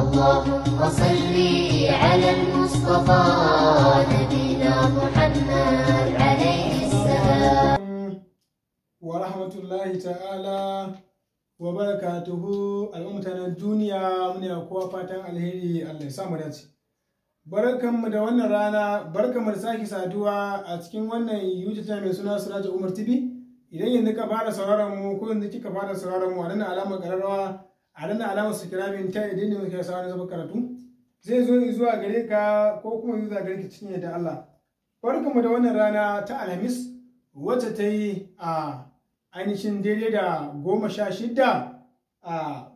اللهم صل على المصطفى نبينا محمد عليه السلام ورحمة الله تعالى وبركاته الأمتنا الدنيا من يقوى fatan alheri Allah سامرات samu mu da wannan rana barkan mu da sake saduwa a cikin wannan YouTube mai suna Suraja Umar TV idan yanzu ka fara sauraron mu ko yanzu kika fara sauraron mu a nan alamar kararrawa a da alamar su kira min ta idan ne muke sauran zaba karatu zai zo zuwa gare ka ko kuma zuwa gare ka cinye da Allah barkanmu da wannan rana ta alhamis wacce ta yi a ainihin daidai da goma sha shida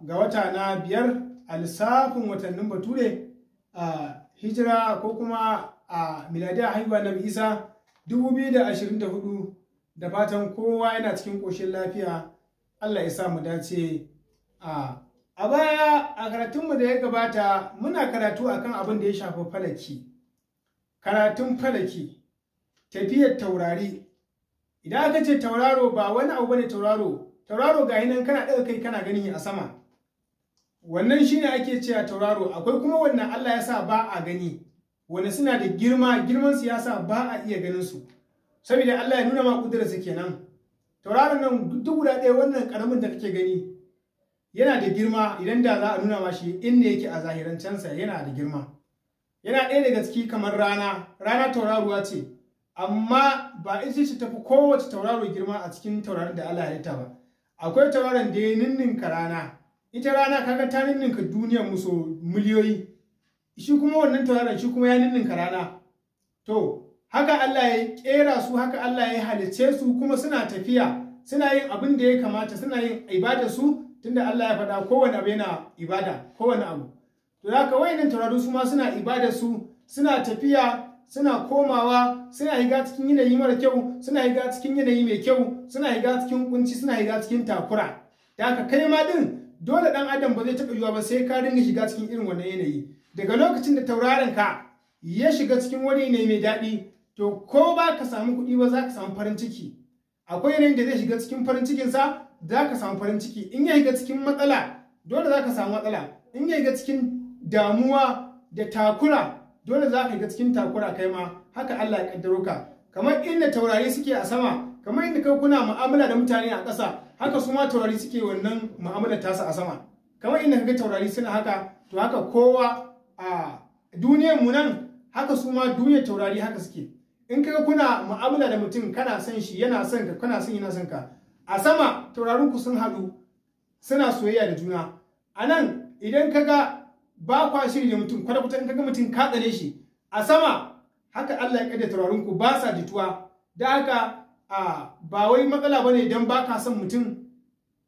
ga wata na biyar a lissafin watannin bature a hijira ko kuma a miladi a haihuwa na isa 2024 da da hudu fatan kowa yana cikin koshin lafiya allah ya sa mu dace a A baya a karatunmu da ya gabata muna karatu akan abin da ya shafa falaki, karatun falaki, tafiyar taurari. Idan aka ce tauraro ba wani abu ne tauraro, tauraro ga nan kana ɗaga kai kana ganin a sama. Wannan shine ake cewa tauraro, akwai kuma wannan Allah ya sa ba a gani, wani suna da girma, girman su ya sa ba a iya ganin su. Saboda Allah ya nuna ma su kenan. Tauraron nan duk guda ɗaya wannan ƙaramin da kake gani, yana da girma idan da za a nuna ma shi in yake a zahirancensa yana da girma yana ɗaya daga ciki kamar rana rana tauraruwa ce amma ba ita ce tafi kowace tauraro girma a cikin tauraron da Allah ya ba akwai tauraron da ya ninninka rana ita rana kaga ta ninninka duniyar musu miliyoyi shi kuma wannan tauraron shi kuma ya ninninka rana to haka Allah ya kera su haka Allah ya halice su kuma suna tafiya suna yin abin da ya kamata suna yin ibadar su tunda Allah ya faɗa kowane abu yana ibada kowane abu to haka wayannan taurari su ma suna ibada su suna tafiya suna komawa suna higa cikin yanayi mara kyau suna higa cikin yanayi mai kyau suna higa cikin kunci suna higa cikin takura da haka kai ma din dole dan adam ba zai taɓa yiwa ba sai ka dinga shiga cikin irin wannan yanayi daga lokacin da tauraron ka ya shiga cikin wani yanayi mai daɗi to ko ba ka samu kuɗi ba za ka samu farin ciki akwai yanayin da zai shiga cikin farin cikinsa za ka samu farin ciki in ya ga cikin matsala dole za ka samu matsala in ya ga cikin damuwa da takura dole za ka ga cikin takura kai ma haka Allah ya kaddaro ka kamar inda taurari suke a sama kamar inda kai kuna mu'amala da mutane a ƙasa haka su ma taurari suke wannan mu'amala su a sama kamar inda kaga taurari suna haka to haka kowa a duniyar mu nan haka su ma duniyar taurari haka suke in kaga kuna mu'amala da mutum kana son shi yana son ka kana son yana son ka a sama ku sun haɗu suna soyayya da juna a nan idan ka ga ba kwa shiri da mutum kwata-kwata in ka ga mutum ka tsare shi a sama haka Allah ya taurarin ku ba sa jituwa da haka a ba wai matsala bane dan ba ka son mutum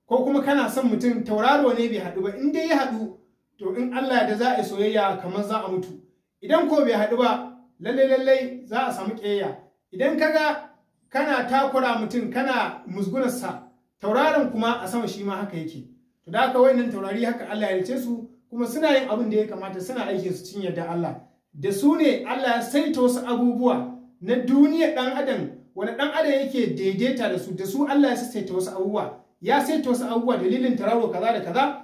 ko kuma kana son mutum tauraro ne bai haɗu ba in dai ya haɗu to in Allah da za a yi soyayya kamar za a mutu idan ko bai haɗu ba lallai-lallai za a samu ƙiyayya idan kaga kana takura mutum kana musgunarsa tauraron kuma a sama shi ma haka yake to da haka wayannan taurari haka Allah ya rice su kuma suna yin abin da ya kamata suna aikin su cin yadda Allah da su ne Allah ya saita wasu abubuwa na duniya dan adam wani dan adam yake daidaita da su da su Allah ya saita wasu abubuwa ya saita wasu abubuwa dalilin tararo kaza da kaza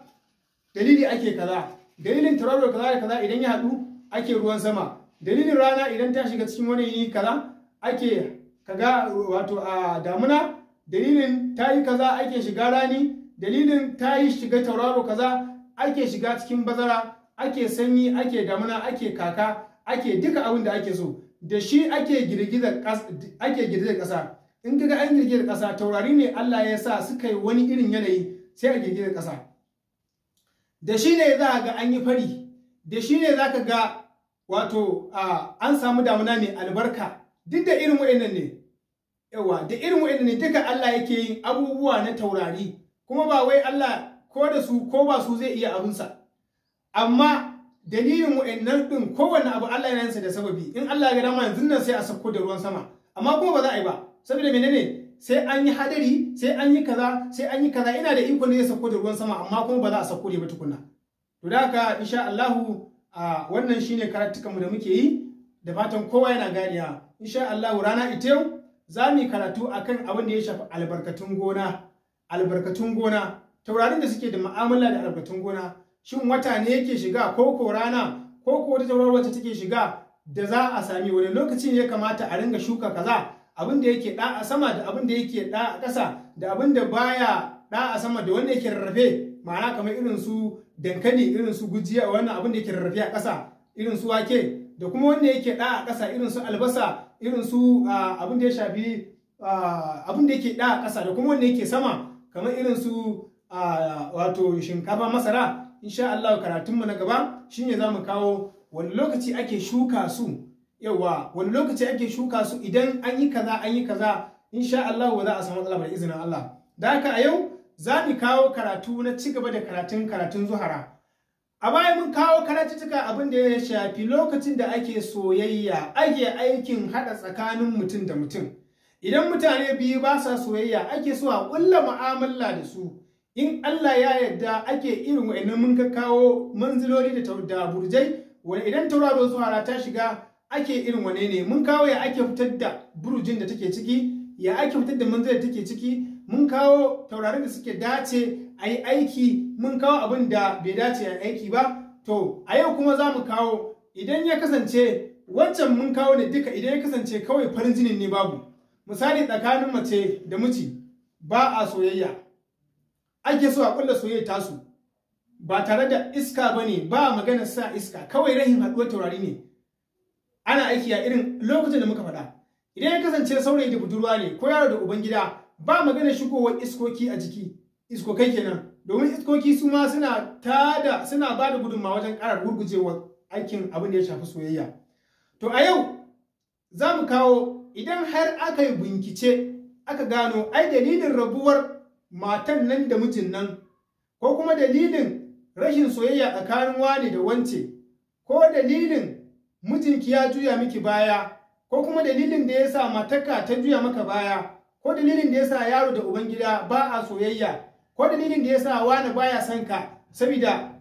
dalili ake kaza dalilin tararo kaza da kaza idan ya haɗu ake ruwan sama dalilin rana idan ta shiga cikin wani kaza ake kaga wato a damuna dalilin ta yi kaza ake shiga rani dalilin ta yi shiga tauraro kaza ake shiga cikin bazara ake sanyi ake damuna ake kaka ake duka abin da ake so da shi ake girgizar kasa in kaga an girgizar kasa taurari ne Allah ya sa suka yi wani irin yanayi sai a girgizar kasa. da shi ne za ga an yi fari da shi ne za ka ga wato an samu damuna mai albarka duk da irin wa'annan ne yawa da irin wa'annan ne duka Allah yake yin abubuwa na taurari kuma ba wai Allah ko da su ko ba su zai iya abunsa amma dalilin wa'annan din kowanne abu Allah yana yinsa da sababi in Allah ya ga dama yanzu nan sai a sauko da ruwan sama amma kuma ba za a yi ba saboda menene sai an yi hadari sai an yi kaza sai an yi kaza ina da iko ne ya sauko da ruwan sama amma kuma ba za a sauko da ba tukunna to da haka insha Allah wannan shine karatukan mu da muke yi da fatan kowa yana ganiya insha Allah rana ita yau za mu yi karatu akan abin da ya shafi albarkatun gona albarkatun gona taurarin da suke da mu'amala da albarkatun gona shin wata ne yake shiga ko ko rana ko ko wata tauraruwa wacce take shiga da za a sami wani lokaci ne ya kamata a ringa shuka kaza abin da yake da a sama da abin da yake da a ƙasa da abin da baya da a sama da wanda yake rarrafe ma'ana kamar irin su dankali irin su gujiya wannan abin da yake rarrafe a ƙasa irin su wake da kuma wanda yake da a ƙasa irin su albasa irin su abin da ya shafi abin da yake da a ƙasa da kuma wanda yake sama kamar irin su wato shinkafa masara insha Allah karatunmu na gaba shine za mu kawo wani lokaci ake shuka su yawa wani lokaci ake shuka su idan an yi kaza an yi kaza insha Allah za a samu matsala mai izinin Allah da haka a yau za mu kawo karatu na cigaba da karatun karatun zuhara A baya mun kawo karatuttuka abin da ya shafi lokacin da ake soyayya ake aikin haɗa tsakanin mutum da mutum. Idan mutane biyu ba sa soyayya ake so a ƙulla mu'amala da su. In Allah ya yarda ake irin wa'annan mun kawo manziloli da burjai wani idan tauraro zuwa ta shiga ake irin wane ne mun kawo ya ake fitar da burjin da take ciki ya ake fitar da manzilin da take ciki mun kawo taurarin da suke dace a yi aiki mun kawo abin da bai dace a aiki ba to a yau kuma za mu kawo idan ya kasance wancan mun kawo ne duka idan ya kasance kawai farin jinin ne babu misali tsakanin mace da miji ba a soyayya ake so a kulla soyayya tasu ba tare da iska ba ne ba magana sa iska kawai rahin haɗuwar taurari ne ana aiki a irin lokacin da muka faɗa idan ya kasance saurayi da budurwa ne ko yaro da ubangida ba magana shigowar iskoki a jiki iskokai kenan domin iskoki su ma suna tada suna ba da gudunmawa wajen karar gurgujewa aikin abin da ya shafi soyayya to a yau za mu kawo idan har aka yi bincike aka gano ai dalilin rabuwar matan nan da mijin nan ko kuma dalilin rashin soyayya tsakanin wani da wance ko dalilin mijinki ya juya miki baya ko kuma dalilin da ya sa mataka ta juya maka baya ko dalilin da ya sa yaro da ubangida ba a soyayya ko dalilin da yasa wani baya son ka saboda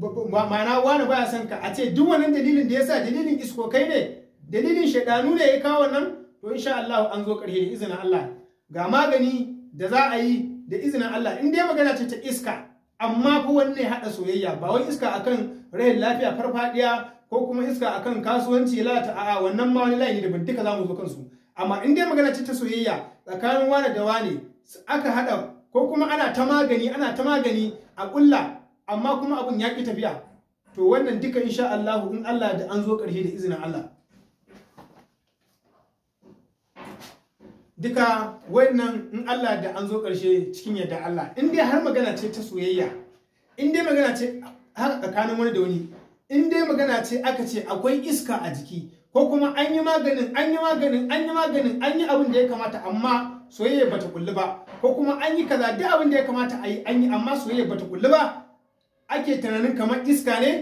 ma'ana wani baya son ka a ce duk wani dalilin da yasa dalilin isko kai ne dalilin shaidanu ne ya kawo nan to insha Allah an zo karshe da izinin Allah ga magani da za a yi da izinin Allah in dai magana ce ta iska amma fa wanne hada soyayya ba wai iska akan rayin lafiya farfadiya ko kuma iska akan kasuwanci lata a'a wannan ma wani layi daban duka zamu zo kansu amma in dai magana ce ta soyayya tsakanin wani da wani aka hada ko kuma ana ta magani ana ta magani a kulla amma kuma abun ya ki tafiya to wannan duka insha Allah in Allah da an zo ƙarshe da izinin Allah duka wannan in Allah da an zo ƙarshe cikin yadda Allah in dai har magana ce ta soyayya in dai magana ce haka tsakanin wani da wani in dai magana ce aka ce akwai iska a jiki ko kuma an yi maganin an yi maganin an yi maganin an yi abin da ya kamata amma soyayya bata kulli ba ko kuma an yi kaza duk abin da ya kamata a yi an yi amma soyayya bata kullu ba ake tunanin kamar iska ne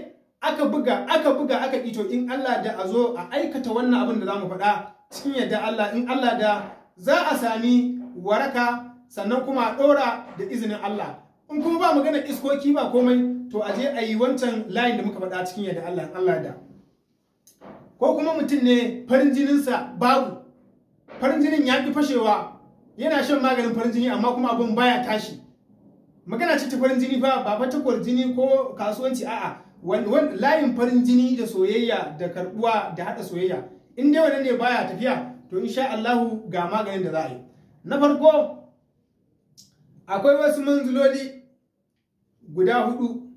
aka buga aka buga aka ito in Allah da a zo a aikata wannan abin da zamu faɗa cikin yadda Allah in Allah da za a sami waraka sannan kuma a ɗora da izinin Allah in kuma ba magana iskoki ba komai to a je a yi wancan layin da muka faɗa cikin yadda Allah in Allah da ko kuma mutum ne farin jininsa babu farin jinin ya fi fashewa yana shan maganin farin jini amma kuma abun baya tashi magana ce ta farin jini ba ba ta jini ko kasuwanci a'a layin farin jini da soyayya da karbuwa da hada soyayya in dai wannan ne baya tafiya to insha Allahu ga maganin da za a yi na farko akwai wasu manzuloli guda hudu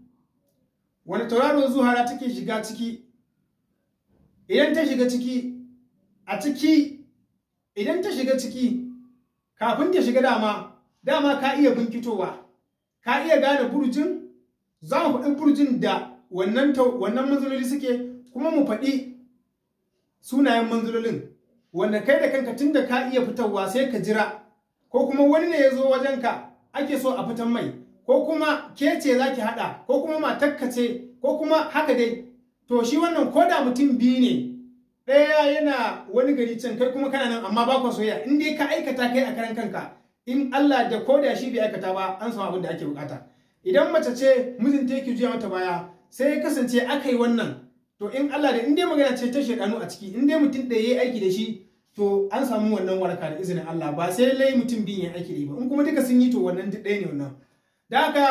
wani tauraro zuhara take shiga ciki idan ta shiga ciki a ciki idan ta shiga ciki kafin ta shiga dama dama ka iya binkitowa ka iya gane burjin za mu faɗi burjin da wannan wannan manzuloli suke kuma mu faɗi sunayen manzulolin wanda kai da kanka tun da ka iya fitarwa sai ka jira ko kuma wani ne ya zo wajenka ake so a fitan mai ko kuma ke ce za ki haɗa ko kuma matakka ce ko kuma haka dai to shi wannan koda mutum biyu ne ɗaya yana wani gari can kai kuma kana nan amma ba ku soyayya in dai ka aikata kai a karan kanka in Allah da ko da shi bai aikata ba an samu abin da ake bukata idan mace ce mijinta yake juya mata baya sai ya kasance aka yi wannan to in Allah da in dai magana ce ta shedanu a ciki in dai mutum da yayi aiki da shi to an samu wannan waraka da izinin Allah ba sai lai mutum bin ya aiki ba in kuma duka sun yi to wannan duk ɗaya ne wannan da haka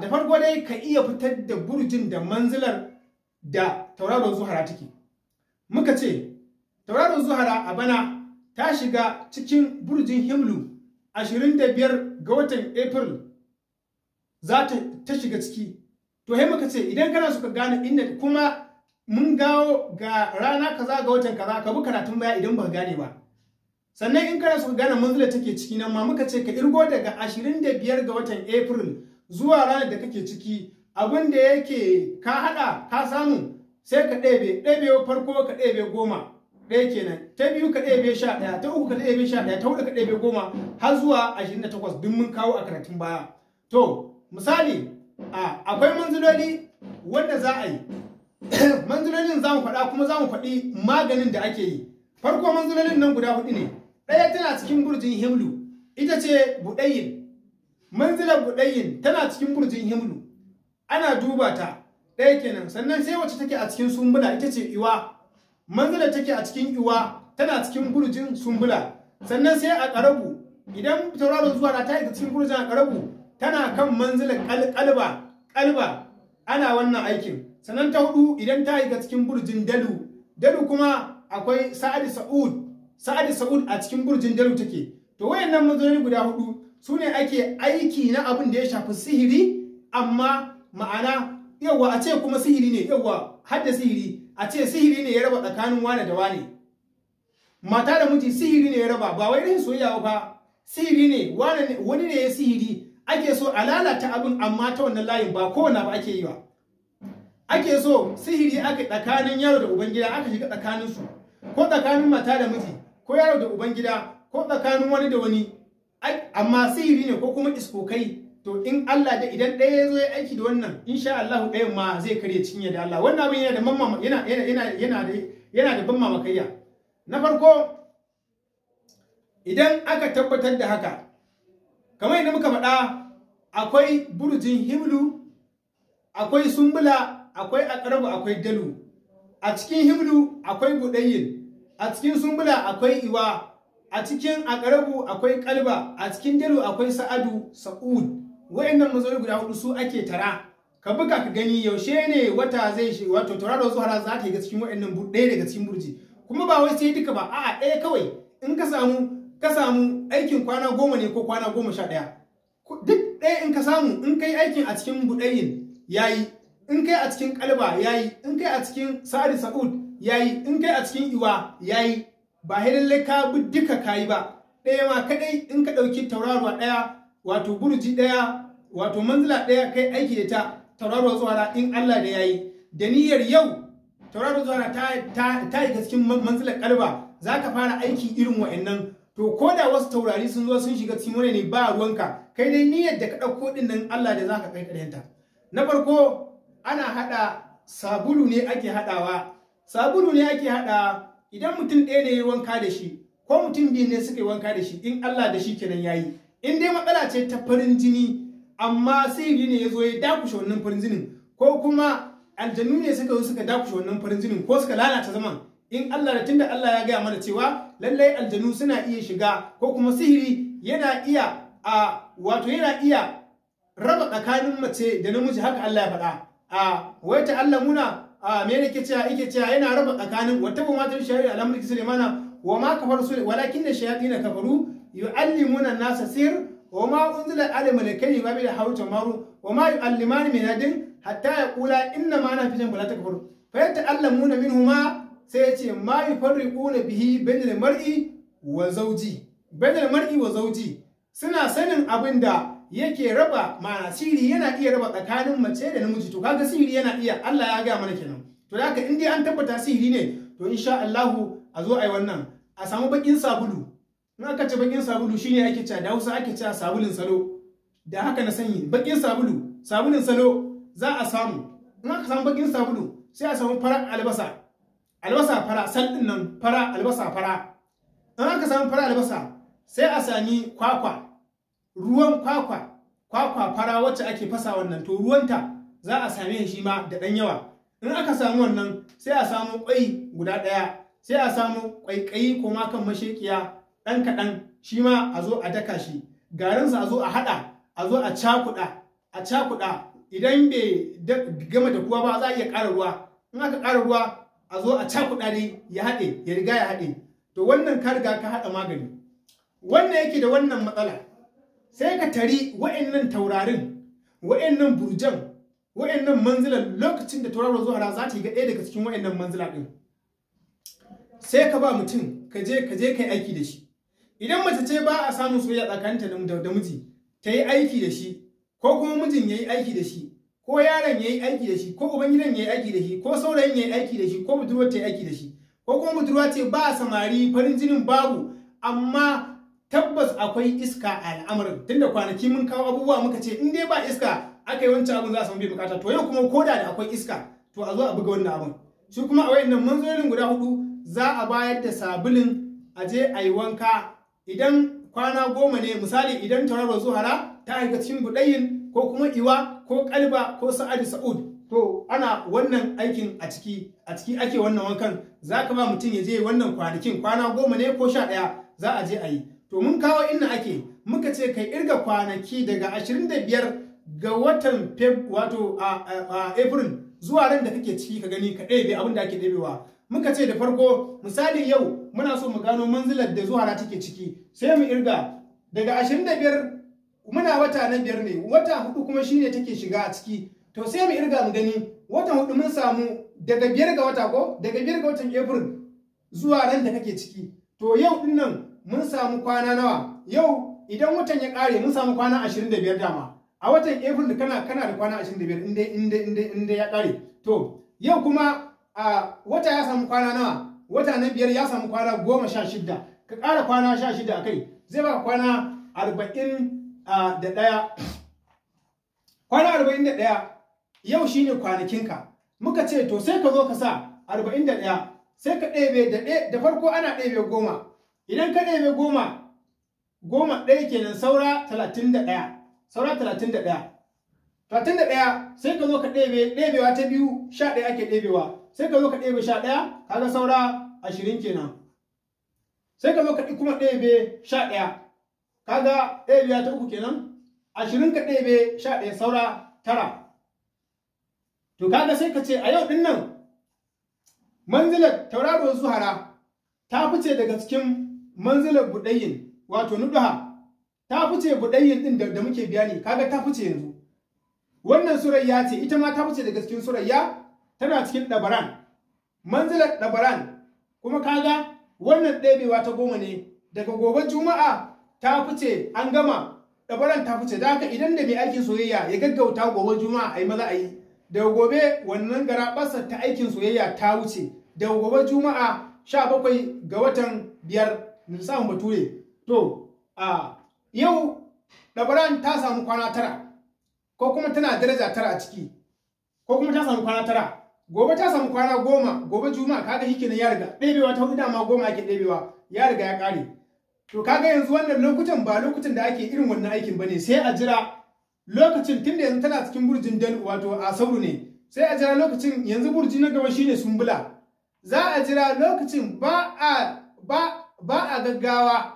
da farko dai ka iya fitar da burjin da manzilar da tauraron zuhara take muka ce tauraro zuhara a bana ta shiga cikin burjin himlu 25 ga watan april za ta shiga ciki to hai muka ce idan kana suka gane inda kuma mun gawo ga rana kaza ga watan kaza ka bi karatun baya idan ba gane ba sannan in kana suka gane manzila take ciki nan ma muka ce ka irgo daga 25 ga watan april zuwa ranar da kake ciki abin da yake ka hada ka samu sai ka ɗebe ɗebe farko ka ɗebe goma ɗaya kenan ta biyu ka ɗebe sha ɗaya ta uku ka ɗebe sha ɗaya ta huɗu ka ɗebe goma har zuwa ashirin da takwas duk mun kawo a karatun baya to misali a akwai manzuloli wanda za a yi manzulolin za mu faɗa kuma za mu faɗi maganin da ake yi farko manzulolin nan guda huɗu ne ɗaya tana cikin burjin himlu ita ce buɗayin manzilar buɗayin tana cikin burjin himlu ana duba ta ɗaya kenan sannan sai wacce take a cikin sumbula ita ce iwa manzila take a cikin iwa tana cikin gurjin sumbula sannan sai a ƙarabu idan tauraron zuwa na ta yi cikin gurjin a ƙarabu tana kan manzila kalba ƙalba ana wannan aikin sannan ta hudu idan ta yi ga cikin burjin dalu dalu kuma akwai sa'adi sa'ud sa'adi sa'ud a cikin burjin dalu take to wayannan manziloli guda hudu su ne ake aiki na abin da ya shafi sihiri amma ma'ana yawa a ce kuma sihiri ne yawa har sihiri a ce sihiri ne ya raba tsakanin wane da wane mata da miji sihiri ne ya raba ba wai rin soyayya ba sihiri ne wani ne ya sihiri ake so a lalata abin amma ta wannan layin ba kowanne ba ake yi ba ake so sihiri aka tsakanin yaro da ubangida aka shiga tsakanin su ko tsakanin mata da miji ko yaro da ubangida ko tsakanin wani da wani amma sihiri ne ko kuma iskokai to in Allah da idan ɗaya ya zo ya aiki da wannan insha Allah ɗayan ma zai karya cinye da Allah wannan abin yana da ban mamakaiya na farko idan aka tabbatar da haka kamar yadda muka faɗa akwai burjin himlu akwai sumbula akwai akarabu, akwai dalu a cikin himlu akwai buɗayin a cikin sumbula akwai iwa a cikin akarabu akwai kalba a cikin dalu akwai sa'adu sa'udu. wa'annan mazoyi guda hudu su ake tara ka buga ka gani yaushe ne wata zai shi wato tauraro zuwa za ta yi ga cikin wa'annan ɗaya daga cikin burji kuma ba wai sai duka ba a ɗaya kawai in ka samu ka samu aikin kwana goma ne ko kwana goma sha ɗaya duk ɗaya in ka samu in kai aikin a cikin buɗayin yayi in kai a cikin kalba yayi in kai a cikin sa'ad sa'ud yayi in kai a cikin iwa yayi ba lallai ka bi duka kayi ba ɗaya ma kaɗai in ka ɗauki tauraruwa ɗaya wato burji ɗaya wato manzila ɗaya kai aiki da ta tauraro zuwa in Allah da ya yi. da niyyar yau tauraro zuwa ta ta yi cikin manzilar kalba za ka fara aiki irin wa'annan to ko da wasu taurari sun zo sun shiga cikin wani ne ba ruwanka kai dai niyyar da ka ɗauko ɗin nan Allah da za ka kai ƙaryanta na farko ana haɗa sabulu ne ake haɗawa sabulu ne ake haɗa idan mutum ɗaya ne ya yi wanka da shi ko mutum biyu ne suka yi wanka da shi in Allah da shi kenan yayi in dai matsala ce ta farin jini amma sai sihiri ne ya zo ya dakushe wannan farin jinin ko kuma aljannu ne suka zo suka dakushe wannan farin jinin ko suka lalata zaman in Allah da tunda Allah ya gaya mana cewa lallai aljanu suna iya shiga ko kuma sihiri yana iya a wato yana iya raba tsakanin mace da namiji haka Allah ya faɗa a wai ta Allah muna a me yake cewa yake cewa yana raba tsakanin wata ba ma ta shari'a alhamdulillah Sulaimana wa ma kafar walakin da shayatin kafaru yu'allimuna nasa sir wa ma unzila ala malaikaini ma bi harut wa marut wa ma yu'allimani min adin hatta yaqula inna ma ana fijan bala takfur fa yata'allamuna minhuma sai yace ce ma bihi bainal mar'i wa zawji bainal mar'i wa zawji suna sanin abin da yake raba ma'ana sihiri yana iya raba tsakanin mace da namiji to kaga sihiri yana iya Allah ya gaya mana kenan to haka in dai an tabbata sihiri ne to insha Allah a zo a yi wannan a samu bakin sabulu in aka ce bakin sabulu shine ake cewa da Hausa ake cewa sabulun salo da haka na sanyi bakin sabulu sabulun salo za a samu in aka samu bakin sabulu sai a samu fara albasa albasa fara sal din nan fara albasa fara in aka samu fara albasa sai a sami kwakwa ruwan kwakwa kwakwa fara wacce ake fasa wannan to ruwanta za a same shi ma da dan yawa in aka samu wannan sai a samu kwai guda ɗaya sai a samu kwaikwayi ko ma kan mashekiya ɗan kaɗan shi ma a zo a daka shi garinsa a zo a haɗa a zo a cakuɗa a cakuɗa idan bai gama da kuwa ba za a iya ƙara ruwa in aka ƙara ruwa a zo a cakuɗa ne ya haɗe ya riga ya haɗe to wannan ka riga ka haɗa magani wannan yake da wannan matsala sai ka tari wa'annan taurarin wa'annan burjan wa'annan manzilan lokacin da tauraro zuwa za ta yi ga ɗaya daga cikin wa'annan manzila ɗin sai ka ba mutum ka je ka je kai aiki da shi idan mace ce ba a samun soyayya tsakaninta da miji ta yi aiki da shi ko kuma mijin ya yi aiki da shi ko yaron ya yi aiki da shi ko ubangidan ya yi aiki da shi ko saurayin ya yi aiki da shi ko budurwa ta yi aiki da shi ko kuma budurwa ce ba a samari farin jinin babu amma tabbas akwai iska a al'amarin tunda kwanaki mun kawo abubuwa muka ce in dai ba iska aka yi wancan abin za a samu bai bukata to yau kuma koda da akwai iska to a zo a buga wannan abin shi kuma a wayannan manzolin guda hudu za a bayar da sabulin a je a yi wanka idan kwana goma ne misali idan tauraro zuhara ta aika cikin budayin ko kuma iwa ko kalba ko sa'adu sa'ud to ana wannan aikin a ciki a ciki ake wannan wankan za ka ba mutum ya je wannan kwanakin kwana goma ne ko sha ɗaya za a je a yi to mun kawo inna ake muka ce kai irga kwanaki daga ashirin da biyar ga watan Feb, wato a april zuwa ran da kake ciki ka gani ka ɗebe abin da ake ɗebewa muka ce da farko misali yau muna so mu gano manzilar da zuhara take ciki sai mu irga daga 25 muna wata na biyar ne wata hudu kuma shine take shiga a ciki to sai mu irga mu gani watan hudu mun samu daga biyar ga wata ko daga biyar ga watan april zuwa ran da kake ciki to yau din nan mun samu kwana nawa yau idan watan ya kare mun samu kwana 25 dama a watan april kana kana da kwana 25 inda inda inda inda ya kare to yau kuma a wata ya samu kwana nawa wata na biyar ya samu kwana goma sha shida ka ƙara kwana sha shida a kai zai ba kwana arba'in da ɗaya kwana arba'in da ɗaya yau shine kwanakinka muka ce to sai ka zo ka sa arba'in da ɗaya sai ka ɗebe da farko ana ɗebe goma idan ka ɗebe goma goma ɗaya kenan saura talatin da ɗaya saura talatin da ɗaya talatin da ɗaya sai ka zo ka ɗebe ɗebewa ta biyu sha ɗaya ake ɗebewa sai ka zo ka ɗebe sha ɗaya kaga saura ashirin kenan sai ka zo ka kuma ɗebe sha ɗaya kaga ɗaya ta uku kenan ashirin ka ɗebe sha ɗaya saura tara to kaga sai ka ce a yau ɗin nan manzilar tauraro zuhara ta fice daga cikin manzilar buɗayin wato nuduha ta fice buɗayin ɗin da muke bayani kaga ta fice yanzu wannan surayya ce ita ma ta fice daga cikin surayya tana cikin ɗabaran manzilar ɗabaran kuma kaga wannan ɗebewa ta goma ne daga gobe juma'a ta fice an gama ɗabaran ta fice da idan da mai aikin soyayya ya gaggauta gobe juma'a a yi maza a yi daga gobe wannan garaɓarsa ta aikin soyayya ta wuce da gobe juma'a sha bakwai ga watan biyar lissafin bature to a yau ɗabaran ta samu kwana tara ko kuma tana daraja tara a ciki ko kuma ta samu kwana tara gobe ta samu kwana goma gobe juma'a kaga shi kenan ya riga ɗebewa ta hudu dama goma ake ɗebewa ya riga ya ƙare to kaga yanzu wannan lokutan ba lokutan da ake irin wannan aikin bane sai a jira lokacin tun da yanzu tana cikin burjin dan wato a sauru ne sai a jira lokacin yanzu burji na gaba shine sumbula za a jira lokacin ba a ba ba a gaggawa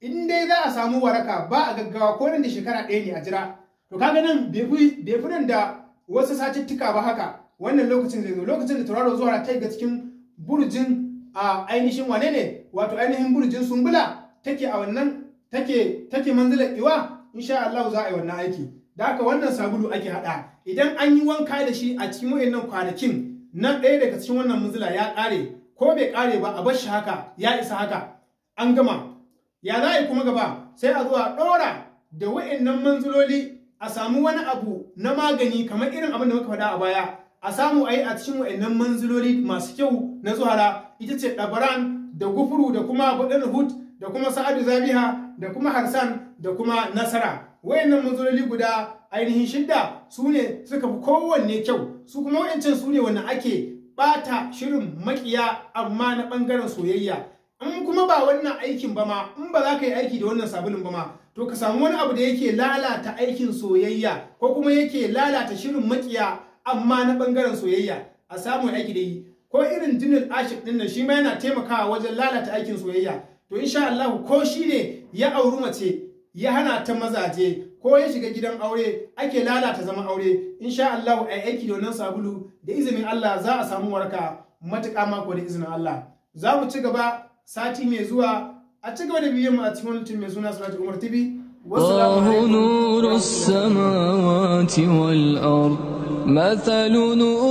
in dai za a samu waraka ba a gaggawa ko nan da shekara ɗaya ne a jira to kaga nan bai fi nan da wasu satuttuka ba haka wannan lokacin zai zo lokacin da tauraro zuwa ta ga cikin burjin a ainihin wane ne wato ainihin burjin sumbula take a wannan take take manzilar iwa insha Allah za a yi wannan aiki da haka wannan sabulu ake hada idan an yi wanka da shi a cikin wayannan kwanakin nan ɗaya daga cikin wannan manzila ya ƙare ko bai kare ba a bar shi haka ya isa haka an gama ya za a yi kuma gaba sai a zuwa ɗora da wayannan manziloli a samu wani abu na magani kamar irin abin da muka faɗa a baya a samu a yi a cikin wa'annan manziloli masu kyau na zuhara ita ce ɗabaran da gufuru da kuma buɗin hut da kuma sa'adu zabiha da kuma harsan da kuma nasara wayannan manziloli guda ainihin shidda su ne suka fi kowanne kyau su kuma wa'ancan su ne wanda ake bata shirin makiya amma na ɓangaren soyayya in kuma ba wannan aikin ba ma in ba za ka yi aiki da wannan sabulun ba ma to ka samu wani abu da yake lalata aikin soyayya ko kuma yake lalata shirin makiya amma na bangaren soyayya a samun aiki da yi ko irin jinin ashik din nan shi ma yana taimakawa wajen lalata aikin soyayya to insha Allah ko shi ne ya auri mace ya hana ta mazaje ko ya shiga gidan aure ake lalata zama aure insha Allah ai aiki da wannan sabulu da izinin Allah za a samu waraka matuƙa mako da izinin Allah za mu ci gaba sati mai zuwa a ci gaba da biyan mu a cikin wani mai suna Salatu Umar TV wal ardh مثل نؤ